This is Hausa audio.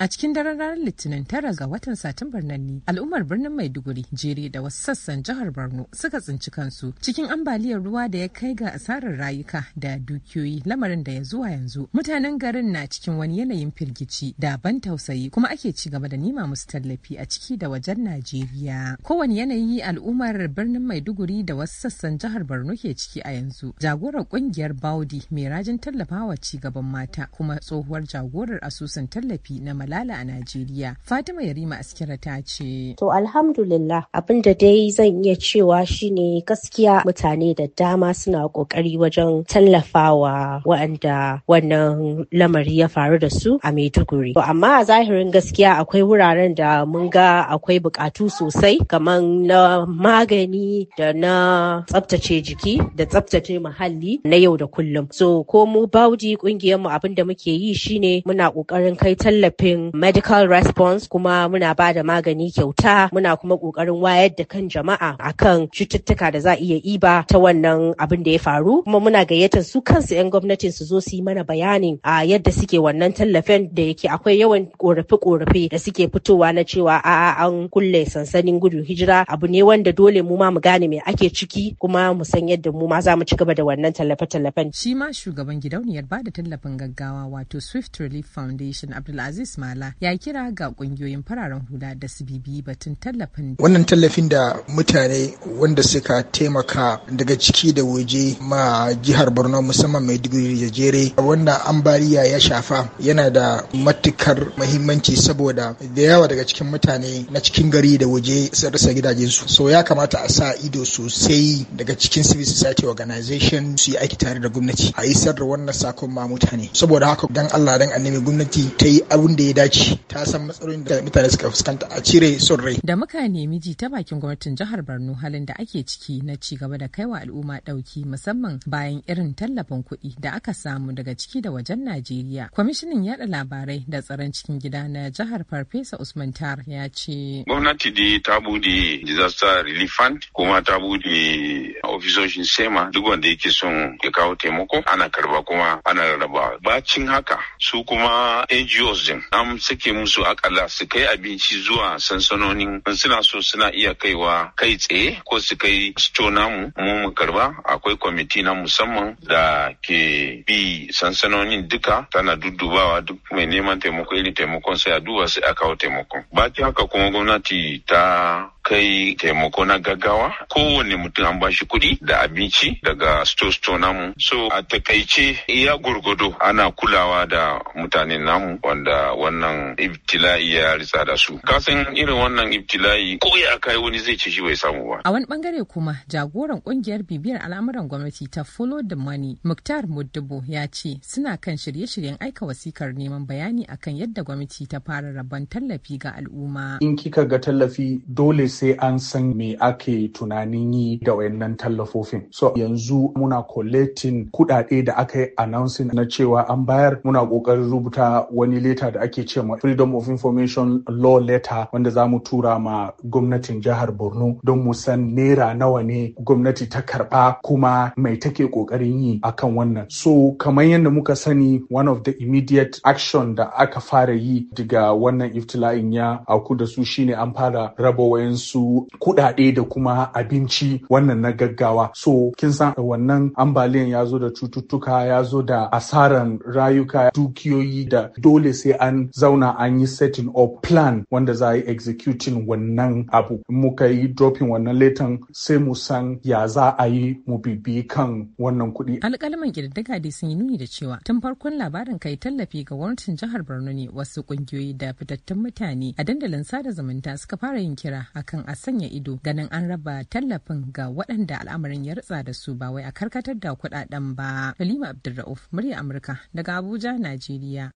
A cikin daren ranar Litinin tara ga watan Satumbar nan ne al'ummar birnin Maiduguri jere da wasu sassan jihar Borno suka tsinci kansu cikin ambaliyar ruwa da ya kai ga asarar rayuka da dukiyoyi lamarin da ya zuwa yanzu mutanen garin na cikin wani yanayin firgici da ban tausayi kuma ake ci gaba da nima musu tallafi a ciki da wajen Najeriya. Kowane yanayi al'ummar birnin Maiduguri da wasu sassan jihar Borno ke ciki a yanzu. Jagorar kungiyar Baudi mai rajin tallafawa ci gaban mata kuma tsohuwar jagorar asusun tallafi na Malala a Najeriya. Fatima Yarima Askira ta ce. To alhamdulillah abin da dai zan iya cewa shine gaskiya mutane da dama suna kokari wajen tallafawa waɗanda wannan lamari ya faru da su a Maiduguri. To amma a zahirin gaskiya akwai wuraren da mun ga akwai bukatu sosai kamar na magani da na tsabtace jiki da tsaftace muhalli na yau da kullum. So ko mu baudi kungiyar mu abin da muke yi shine muna kokarin kai tallafin yin medical response kuma muna ba da magani kyauta muna kuma kokarin wayar da kan jama'a akan cututtuka da za a iya iba ta wannan abin da ya faru kuma muna gayyatar su kansu 'yan gwamnatin su zo su yi mana bayani a yadda suke wannan tallafin da yake akwai yawan korafe-korafe da suke fitowa na cewa a an kulle sansanin gudun hijira abu ne wanda dole mu ma mu gane me ake ciki kuma mu san yadda mu ma za mu ci gaba da wannan tallafe-tallafen. Shi ma shugaban gidauniyar ba da tallafin gaggawa wato Swift Relief Foundation Abdulaziz Mala ya kira ga kungiyoyin fararen hula da su bibi batun tallafin. Wannan tallafin da mutane wanda suka taimaka daga ciki da waje ma jihar Borno musamman mai digiri da Jere Wannan ambaliya ya shafa yana da matukar mahimmanci saboda da yawa daga cikin mutane na cikin gari da waje sun rasa su. So ya kamata a sa ido sosai daga cikin civil society organization su yi aiki tare da gwamnati a isar da wannan sakon ma mutane. Saboda haka dan Allah dan annabi gwamnati ta yi abin da ya ya dace ta san matsalolin da mutane suka fuskanta a cire son rai da muka nemi ji ta bakin gwamnatin jihar Borno halin da ake ciki na ci gaba da kaiwa al'umma dauki musamman bayan irin tallafin kuɗi da aka samu daga ciki da wajen Najeriya kwamishinin yada labarai da tsaron cikin gida na jihar Farfesa Usman Tar ya ce gwamnati de ta bude disaster relief fund kuma ta bude ofisoshin sema duk wanda yake son ya kawo taimako ana karba kuma ana rarrabawa bacin haka su kuma NGOs din an sake musu akalla su kai abinci zuwa sansanonin suna so suna iya kaiwa kai tsaye ko su kai sto namu mu mu karba akwai kwamiti na musamman da ke bi sansanonin duka tana duddubawa duk mai neman taimako irin taimakon sai a duba sai a kawo taimakon. baki haka kuma gwamnati ta kai taimako na gaggawa kowane mutum an bashi kuɗi da abinci daga store-store namu so a takaice iya gurgudo ana kulawa da mutanen namu wanda wannan ibtila'i ya ritsa da su kasan irin wannan ibtila'i ko ya kai wani zai ci shi bai samu ba a wani bangare kuma jagoran kungiyar bibiyar al'amuran gwamnati ta follow the money muktar muddubo ya ce suna kan shirye-shiryen aika wasikar neman bayani akan yadda gwamnati ta fara rabon tallafi ga al'umma in kika ga tallafi dole sai an san me ake tunanin yi da wayannan tallafofin so yanzu muna collecting kuɗaɗe da aka yi announcing na cewa an bayar muna ƙoƙarin rubuta wani letter da ake ce ma freedom of information law letter wanda za mu tura ma gwamnatin jihar borno don mu san naira nawa ne gwamnati ta karba kuma mai take ƙoƙarin yi akan wannan so kamar yadda muka sani one of the immediate action da aka fara yi daga wannan iftila'in ya auku da su shine an fara raba wayansu su kudade da kuma abinci wannan na gaggawa so kin san wannan ambaliyan ya zo da cututtuka ya zo da asaran rayuka dukiyoyi da dole sai an zauna an yi setting up plan wanda za a yi executing wannan abu muka yi dropping wannan letan sai mu san ya za a yi mu bibi kan wannan kuɗi alƙalman ƙididdiga dai sun yi nuni da cewa tun farkon labarin kai tallafi ga gwamnatin jihar borno ne wasu ƙungiyoyi da fitattun mutane a dandalin sada zumunta suka fara yin kira akan kan a sanya ido ganin an raba tallafin ga waɗanda al'amarin ya rutsa da su ba wai a karkatar da kuɗaɗen ba. Halima Abdulra'uf, murya Amurka daga Abuja, Najeriya.